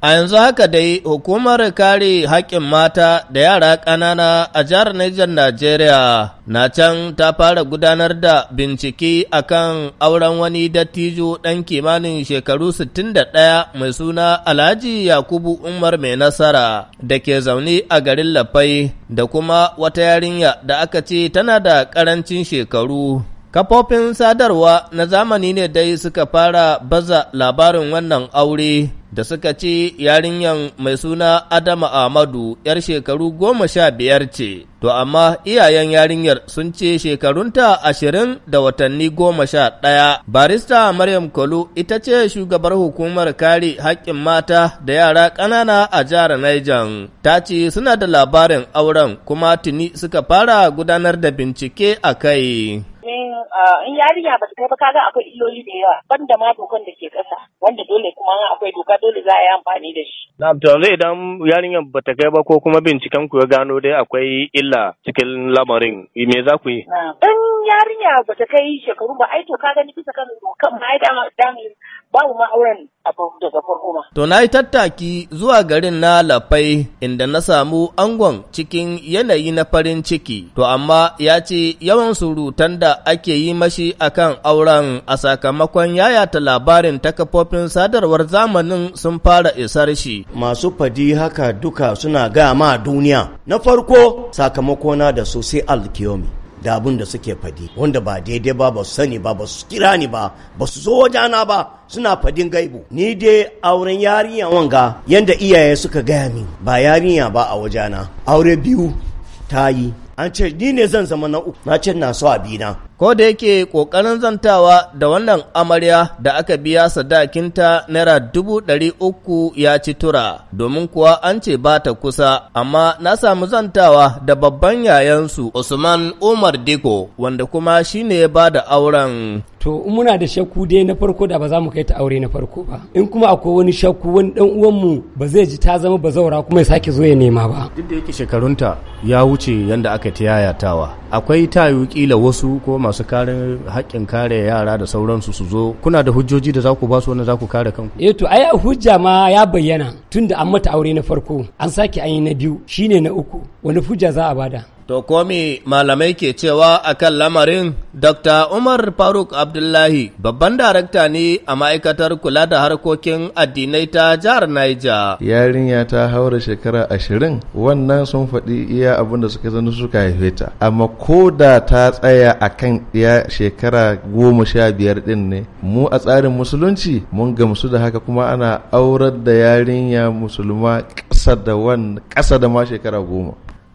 A yanzu haka dai hukumar kare haƙƙin mata da yara ƙanana a jihar Niger Najeriya na can ta fara gudanar da bincike akan auren wani dattijo ɗan kimanin shekaru 61 mai suna Alhaji Yakubu Umar mai nasara da ke zaune a garin Lafai da kuma wata yarinya da aka ce tana da ƙarancin shekaru. Kafofin sadarwa na zamani ne dai suka fara baza labarin wannan aure da suka ce yarinyar mai suna Adama Ahmadu ‘yar shekaru goma sha biyar ce, to amma iyayen yarinyar sun ce shekarunta ashirin da watanni goma sha ɗaya. Barista Maryam Kolo ita ce shugabar hukumar kare haƙƙin mata da yara ƙanana a jihar Niger. Ta ce suna da labarin auren kuma tuni suka fara gudanar da bincike a kai. in yarinya ba ta kai ba kaga akwai illoli da yawa banda ma dokan da ke kasa wanda dole kuma akwai doka dole za a yi amfani da shi. Na to yanzu idan yarinyar ba ta kai ba ko kuma binciken ku ya gano dai akwai illa cikin lamarin me za ku yi? In yarinya ba ta kai shekaru ba ai to kaga gani bisa kan dokan ma ai dama babu ma auren a daga farko ma. To na yi tattaki zuwa garin na Lafai inda na samu angon cikin yanayi na farin ciki, to amma ya ce yawan surutan da ake yi mashi akan auren a sakamakon yayata labarin ta kafofin sadarwar zamanin sun fara isar shi. Masu fadi haka duka suna gama duniya. Na farko sakamakona da su sai da abin da suke fadi wanda ba daidai ba ba su sani ba ba su kira ni ba ba su zo wajana ba suna fadin gaibu ni dai auren yarinya wanga yanda iyaye suka gaya min ba yarinya ba a wajena aure biyu ta yi an ce ni ne zan zama na uku na ce na so abina Ko da yake ƙoƙarin zantawa da wannan amarya da aka biya sadakinta naira dubu ɗari uku ya ci tura, domin kuwa an ce ba ta kusa, amma na samu zantawa da babban yayansu Usman Umar Diko, wanda kuma shine ne ba da auren. To, muna da shakku dai na farko da ba za mu kai ta aure na farko ba. In kuma akwai wani shakku wani ɗan uwanmu ba zai ji ta zama bazaura kuma ya sake zo ya nema ba. Duk da yake shekarunta ya wuce yanda aka ta Akwai tayu kila wasu ko masu kare haƙƙin kare yara da sauransu su zo kuna da hujjoji da za ku ba su wanda za ku kare kanku eh to ai hujja ma ya bayyana tunda an mata aure na farko an sake an yi na biyu shine na uku wani hujja za a bada To komi malamai ke cewa a kan lamarin, Dr. Umar Faruk Abdullahi, babban darakta ne a ma'aikatar kula da harkokin addinai ta jihar Naija. Yarinya ta haura shekara ashirin, wannan sun faɗi iya abin da suka zanu suka haife ta. Amma ko da ta tsaya a kan iya shekara goma sha biyar ɗin ne, mu a tsarin musulunci mun gamsu da haka kuma ana aurar da yarinya musulma ƙasa da ma shekara goma.